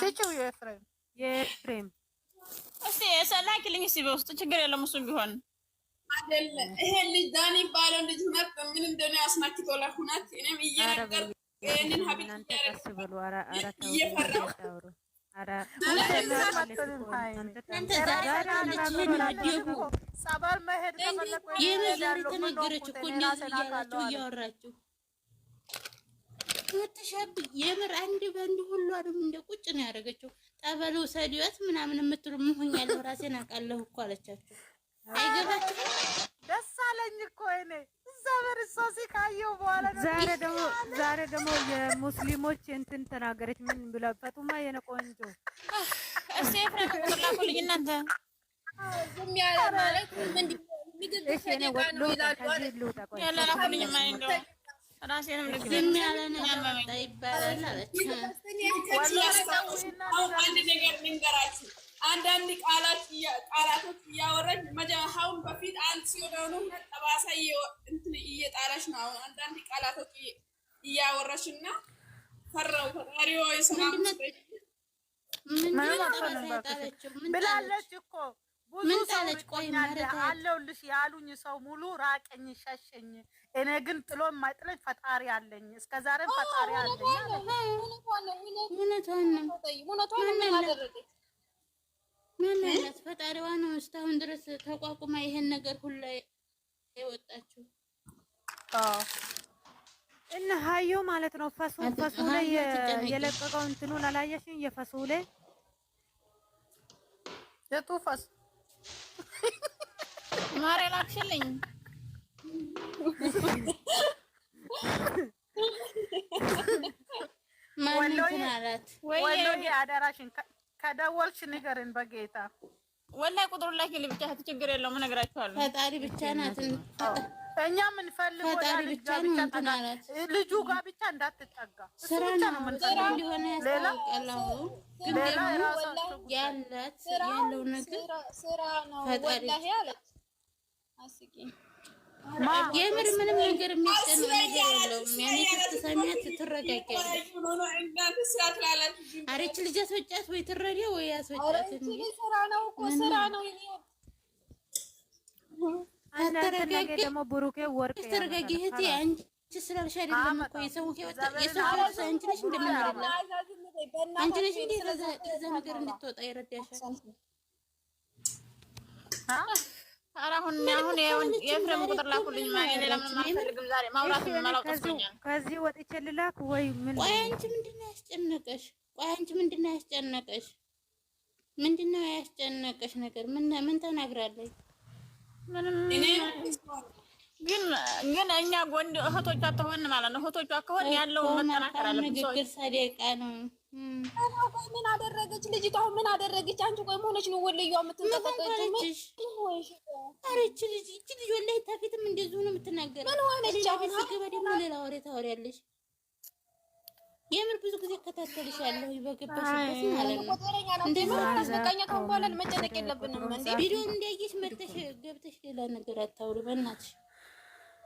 ስጭው የኤፍሬም የኤፍሬም እስቲ ላኪልኝ እስቲ በውስጥ ችግር የለም እሱም ቢሆን አይደለ ይሄ ልጅ ዳኒ ባለው ልጅ ሁነት ምን እንደሆነ ያስናክቶ ለሁነት እኔም እየነገር ይህንን ሀቢት ያረግበሉ እየፈራው ሰበር መሄድ ተፈለግ ተነገረች እኮ እያወራችሁ ከተሻብ የምር አንድ በአንድ ሁሉ አለም እንደ ቁጭ ነው ያደረገችው። ጠበል ውሰዲያት ምናምን የምትሉ ምሆኛለሁ ራሴን አውቃለሁ እኮ አለቻቸው። አይገባችም። ደስ አለኝ እኮ እኔ እግዚአብሔር እሷ ሲካየው በኋላ ዛሬ ደግሞ ዛሬ ደግሞ የሙስሊሞች እንትን ተናገረች። ምን ብላ ፈጡማ የኔ ቆንጆ እሴ ራሴንም ዝም ያለ ነገር ይባላል አለች። አንድ ነገር ልንገራችሁ። አንዳንድ ቃላቶች እያወራች መጀመሪያውን በፊት አንድ ሲሆኑ ጠባሳ እንትን እየጣለች ነው። አሁን አንዳንድ ቃላቶች እያወራች እና ፈራው ፈጣሪዎ ብላለች እኮ ብዙ ሰው አለሁልሽ ያሉኝ ሰው ሙሉ ራቀኝ፣ ሸሸኝ እኔ ግን ጥሎ የማይጥለኝ ፈጣሪ አለኝ። እስከ ዛሬም ፈጣሪ አለኝ። ፈጣሪዋ ነው እስካሁን ድረስ ተቋቁማ ይሄን ነገር ሁላ የወጣችው? እና ማለት ነው ፈሱ ፈሱ ላይ የለቀቀው እንትኑን አላየሽኝ? የፈሱ ላይ ማሬ ላክሽልኝ ወሎዬ አደራሽን ከደወልሽ ንገርን በጌታ ወላሂ ቁጥሩ ላይ ብቻ ችግር የለውም እነግራችኋለሁ። ፈጣሪ ብቻ ናት። እኛ የምንፈልገው ልጁ ጋር ብቻ እንዳትጠጋ ስራ ነው እንደሆነ ያስታውቃል። ግን ደግሞ ያላት ያለው ነገር ፈጣሪ የምር ምንም ነገር የሚያስጨንቅ ነገር የለውም። ያኔ ትሰሚያት ትረጋጊያለሽ። ወይ ትረዳ ወይ አስወጫት። ደግሞ ብሩኬ ወርቅ ተረጋጊ እህቴ። አንቺ ስላልሽ አይደለም እኮ የሰው ነገር እንድትወጣ ይረዳሻል። ኧረ አሁን አሁን የፍሬም ቁጥር ላኩልኝ። ሌላ ምንም አልፈልግም። ከዚህ ወጥቼ ልላክ ወይ ምን? ቆይ አንቺ ምንድን ነው ያስጨነቀሽ? ቆይ አንቺ ምንድን ነው ያስጨነቀሽ? ምንድን ነው ያስጨነቀሽ ነገር? ምን ምን ተናግራለች? ግን ግን እኛ ጎንድ እህቶቿ ተሆን ማለት ነው። እህቶቿ ከሆን ያለው መጠናከር አለብን። ንግግር ሰደቃ ነው ቆይ ምን አደረገች ልጅቷ? ምን አደረገች? አንቺ ቆይ መሆነች ነው ወለዩ የምትንጠቀጭሽ? ልጅ ይህች ልጅ ወላሂ ታፊትም እንደዚሁ ነው የምትናገረው። ምን ሆነች አሁን? ስገባ ደግሞ ሌላ ወሬ ታወሪያለሽ። የምር ብዙ ጊዜ እከታተልሻለሁ በገባሽበት ማለት ነው። እንደማስበቃኛ ከሆን በኋላ መጨነቅ የለብንም እንዴ። ቪዲዮ እንዳየሽ መጥተሽ ገብተሽ ሌላ ነገር አታውሪ በእናትሽ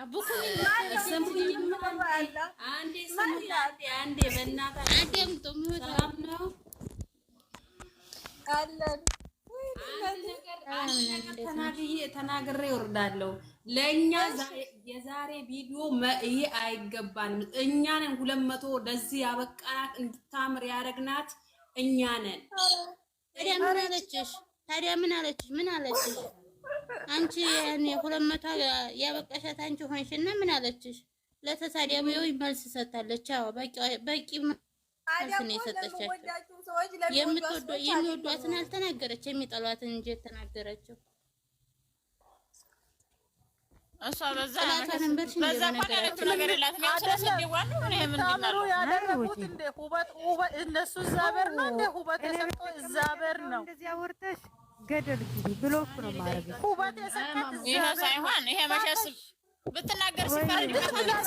ተናግሬ እወርዳለሁ። ለእኛ የዛሬ ቪዲዮ ይሄ አይገባንም። እኛ ነን ሁለት መቶ ለዚህ ያበቃናት እንድታምር ያደረግናት እኛ ነን። ታዲያ ምን አለችሽ? ታዲያ ምን አለችሽ? ምን አለችሽ? አንቺ ያኔ ሁለት መቶ ያበቃሻት አንቺ ሆንሽና ምን አለችሽ? ለተሳዳቢው መልስ ሰጣለች። አዎ በቂ በቂ መልስ ነው የሰጠቻቸው። የምትወደው የሚወዷትን አልተናገረች፣ የሚጠሏትን እንጂ የተናገረችው ነው እነሱ እዛ በር ነው እንደ ሁበት እዛ በር ነው እንደዚህ አውርተሽ ገደል ግቢ ብሎክ ነው ማረግ ኩባት የሰከተ ይሄ ሳይሆን ይሄ መሸስ ብትናገር ሲፈረድ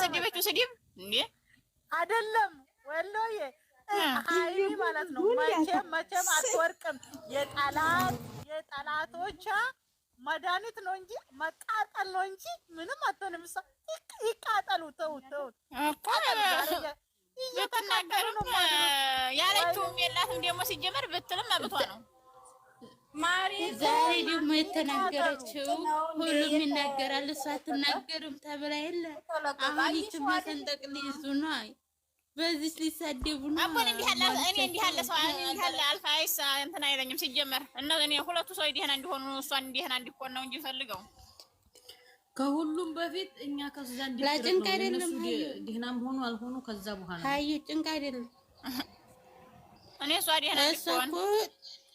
ስድበች ስድብ እንዴ አይደለም ወሎዬ አይ ማለት ነው። መቼም መቼም አትወርቅም። የጠላት የጠላቶቿ መድኃኒት ነው እንጂ መቃጠል ነው እንጂ ምንም አትሆንም። እሷ ይቃጠሉ። ተውት ተውት እኮ ብትናገርም ያለችውም የላትም ደግሞ ሲጀመር ብትልም መብቷ ነው። ዛሬ ደግሞ የተናገረችው ሁሉም ይናገራል፣ እሷ አትናገርም ተብላ የለ። አሁን ይችማ ሰንጠቅ ሊይዙ ነው፣ በዚች ሊሳደቡ ነው። እኔ እንዲህ ያለ ሰው እንዲህ ያለ አልፋ እንትን አይለኝም። ሲጀመር እነ ሁለቱ ሰው ደህና እንዲሆኑ እሷን ደህና እንዲኮን ነው እንጂ ፈልገው ከሁሉም በፊት እኛ ከዛ ጭንቅ አይደለም ደህናም ሆኑ አልሆኑ ከዛ በኋላ ጭንቅ አይደለም እኔ እሷ ደህና እንዲኮን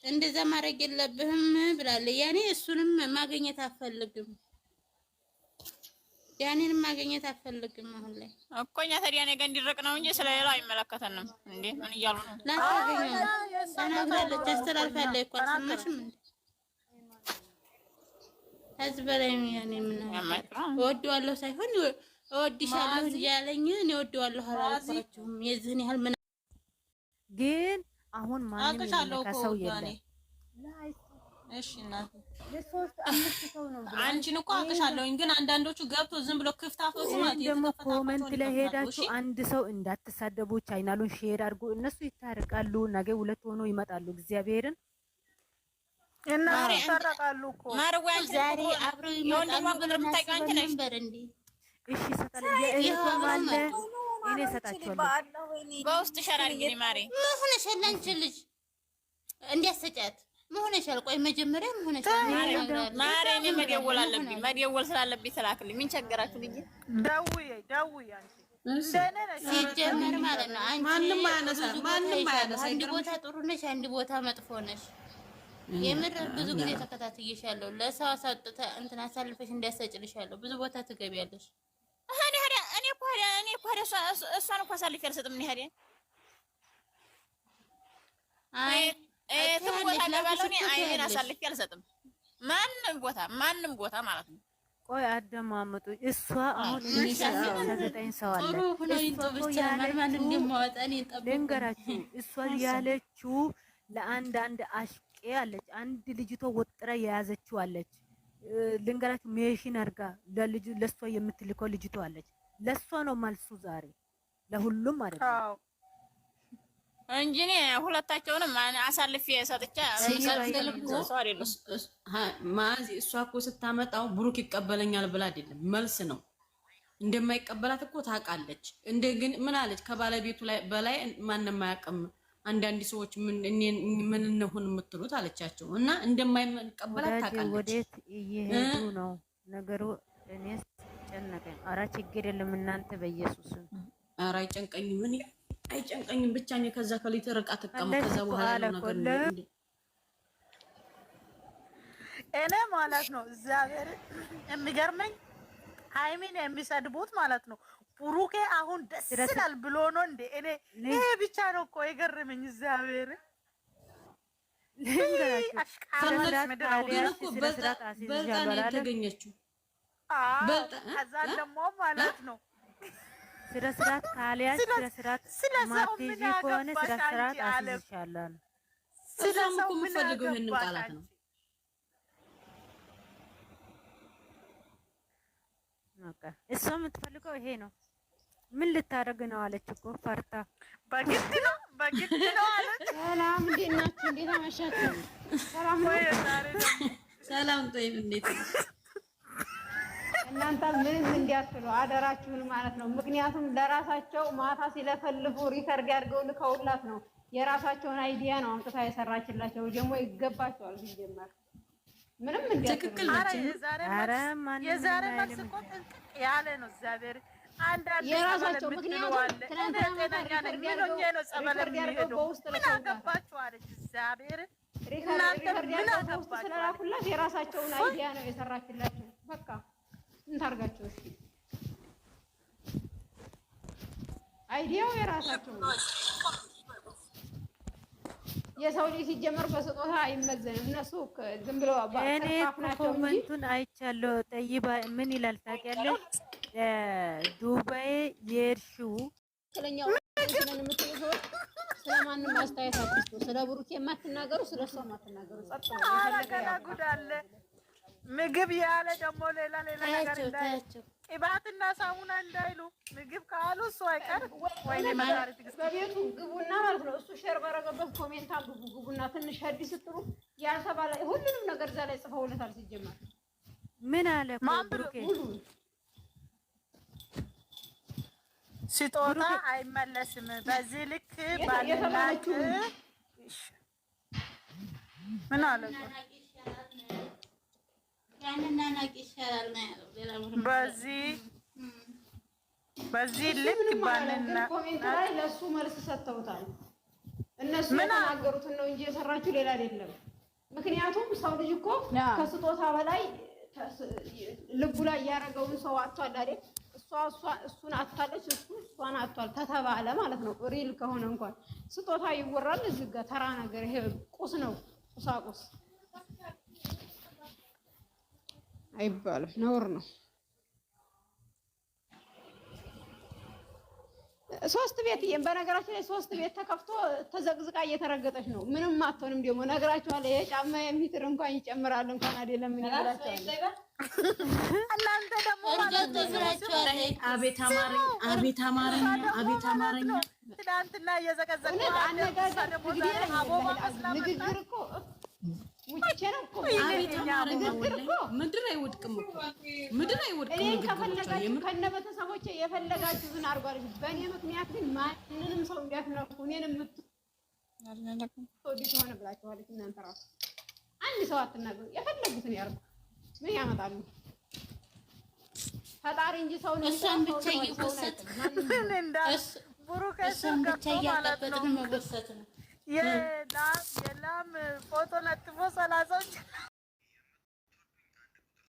እንደዛ ማድረግ የለብህም ብላለች። ያኔ እሱንም ማግኘት አፈልግም፣ ያኔን ማግኘት አፈልግም። አሁን ላይ እኮ እኛ ታዲያ ነገ እንዲረቅ ነው እንጂ ስለሌላ አይመለከተንም። እንዴ ምን እያሉ ነው? ላታገኘው ተናግራለች፣ አስተላልፋለች እኮ አልሰማሽም እንዴ? ከዚህ በላይ ያኔ ምን እወደዋለሁ ሳይሆን እወድሻለሁ እያለኝ እኔ እወደዋለሁ አላልኳችሁም የዚህን ያህል ምን ግን አሁን ማንም ሰው የለም። እሺ አንቺን እኮ ግን አንዳንዶቹ ገብቶ ዝም ብሎ ክፍታፎች ማለት ደግሞ ኮመንት ላይ ሄዳችሁ አንድ ሰው እንዳትሳደቡ፣ ቻይናሉን ሼር አድርጉ። እነሱ ይታርቃሉ፣ ነገ ሁለት ሆኖ ይመጣሉ። እግዚአብሔርን እና ይታረቃሉ እኮ ማርዋን ዛሬ አብረው ይመጣሉ ብሎ አንቺ ነሽ። እሺ ሰጣለ የእህቷ ማለት እኔ እሰጣቸዋለሁ። በውስጥ ይሻላል። እንግዲህ ማሬ አንቺ ልጅ እንዲያሰጫት ቆይ መጀመሪያ ማሬ እኔ መደወል አለብኝ። መደወል ስላለብኝ ስላክልኝ። ምን ቸገራችሁ? ልጅ ደውዬ ደውዬ አንቺ ሲጀመር ማለት ነው አንቺ ማንም ማንም አንድ ቦታ ጥሩ ነሽ፣ አንድ ቦታ መጥፎ ነሽ። የምር ብዙ ጊዜ ተከታትዬሻለሁ። ለሰው አሳጥተ እንትን አሳልፈሽ ብዙ ቦታ ትገቢያለሽ። እኔ እኮ እሷን እኮ አሳልፌ አልሰጥም። ምን ያህል አይ ቦታ ለባለው እኔ አይኔን አሳልፌ አልሰጥም። ማንም ቦታ ማንም ቦታ ማለት ነው። ቆይ አደማመጡ እሷ አሁን ዘጠኝ ሰው አለ ልንገራችሁ። እሷ ያለችው ለአንድ አንድ አሽቄ አለች፣ አንድ ልጅቷ ወጥራ የያዘችው አለች። ልንገራችሁ ሜሽን አድርጋ ለልጁ ለእሷ የምትልከው ልጅቷ አለች። ለእሷ ነው መልሱ ዛሬ ለሁሉም አይደለም ነው እንጂ እኔ ሁለታቸውንም አሳልፌ ሰጥቻ ማዚ እሷ እኮ ስታመጣው ብሩክ ይቀበለኛል ብላ አይደለም መልስ ነው። እንደማይቀበላት እኮ ታውቃለች። እንደ ግን ምን አለች? ከባለቤቱ ላይ በላይ ማንም አያውቅም። አንዳንድ ሰዎች ምን እንሁን የምትሉት አለቻቸው እና እንደማይቀበላት ታውቃለች። ወዴት እየሄዱ ነው ነገሩ እኔስ አስጨነቀኝ። ኧረ ችግር የለም እናንተ በኢየሱስም ኧረ አይጨንቀኝም። ምን አይጨንቀኝም። ብቻ እኔ ከዛ ከሊትር እቃ ተቀመጥ። ከዛ በኋላ ነገር እኔ ማለት ነው እግዚአብሔር የሚገርመኝ ሃይሚን የሚሰድቡት ማለት ነው። ቡሩኬ አሁን ደስ ይላል ብሎ ነው እንዴ? እኔ ይሄ ብቻ ነው እኮ የገረመኝ እግዚአብሔር አሽቃ ምድር አሁን ነው የተገኘችው ከዛ ደግሞ ማለት ነው ስለ ስርዓት ካልያዝ ስለ ስርዓት ማትይዝ ከሆነ ስለ ስርዓት አስይዝሻለሁ። እሷም እኮ የምትፈልገው ይሄንን ቃላት ነው። እሷ የምትፈልገው ይሄ ነው። ምን ልታደርግ ነው አለች እኮ ፈርታ። በግድ ነው በግድ ነው አለች። ሰላም፣ እንዴት ናችሁ? እንዴት አመሻችሁ? ሰላም ሰላም። ጦይም እንዴት ነው? እናንተ ምን እንዲያትሉ አደራችሁን ማለት ነው። ምክንያቱም ለራሳቸው ማታ ሲለፈልፉ ሪከርድ ያድርገው ልከውላት ነው። የራሳቸውን አይዲያ ነው አምጥታ የሰራችላቸው። ደግሞ ይገባቸዋል ሲጀመር ምንም ትክክል ነች። የዛሬ መልስ እኮ ጥንቅቅ ያለ ነው። እግዚአብሔር የራሳቸው ምክንያቱም ምን አገባችሁ አለች። እግዚአብሔር ስለላኩላት የራሳቸውን አይዲያ ነው የሰራችላቸው በቃ እንታርጋቸው እስኪ አይዲያው የራሳቸው ነው። የሰው ልጅ ሲጀመር በስጦታ አይመዘንም። እነሱ ዝም ብለው እኔ ኮመንቱን አይቻለሁ። ጠይባ ምን ይላል ታውቂያለሽ? ዱባይ የሄድሽው ስለማንም አስተያየት አትስጡ። ስለ ብሩኬ የማትናገሩ ስለ እሷ የማትናገሩ ጸጥ ምግብ ያለ ደግሞ ሌላ ሌላ ነገር እንዳይሉ ቅባትና ሳሙና እንዳይሉ ምግብ ካሉ እሱ አይቀር ወይ በቤቱ ግቡና ማለት ነው። እሱ ሼር ባረገበት ኮሜንት አንብቡ። ግቡና ትንሽ ሄድ ስትሉ ያሰባ ላይ ሁሉንም ነገር እዛ ላይ ጽፈውለታል። ሲጀመር ምን አለ ብሩኬ ስጦታ አይመለስም። በዚህ ልክ ባልናት ምን አለ ባንናናቅ በዚህ በዚህ ልክ ባንና ኮሜንት ላይ ለሱ መልስ ሰጥተውታል። እነሱ የተናገሩትን ነው እንጂ የሰራችሁ ሌላ አይደለም። ምክንያቱም ሰው ልጅ እኮ ከስጦታ በላይ ልቡ ላይ ያደረገውን ሰው አጥቷል አይደል? እሷ እሱን አጥታለች፣ እሱ እሷን አጥቷል ከተባለ ማለት ነው። ሪል ከሆነ እንኳን ስጦታ ይወራል። እዚህ ጋር ተራ ነገር ይሄ ቁስ ነው፣ ቁሳቁስ አይባልም፣ ነውር ነው። ሶስት ቤት በነገራችን ላይ ሶስት ቤት ተከፍቶ ተዘቅዝቃ እየተረገጠች ነው። ምንም አትሆንም። ደግሞ ነግራችኋለሁ። የጫማ የሚትር እንኳን ይጨምራል እንኳን አይደለም። ምን ይላችኋል እናንተ ደግሞ ማለት ነው። ምድር አይወድቅም እኮ ምድር አይወድቅም። እኔን ከፈለጋችሁ ከነቤተሰቦቼ የፈለጋችሁትን አድርጓለች። በእኔ ምክንያት ግን ማንንም ሰው እንዲያትነኩ እኔን የምትወዱት ሆነ ብላችኋለች። እናንተ ራሱ አንድ ሰው አትናገሩ፣ የፈለጉትን ያርጉ። ምን ያመጣሉ? ፈጣሪ እንጂ ሰውን እሷን ብቻ እየወሰድን እሷን ብቻ እያጠበጥን መወሰድ ነው የላም ፎቶ ለጥፎ ሰላሳዎች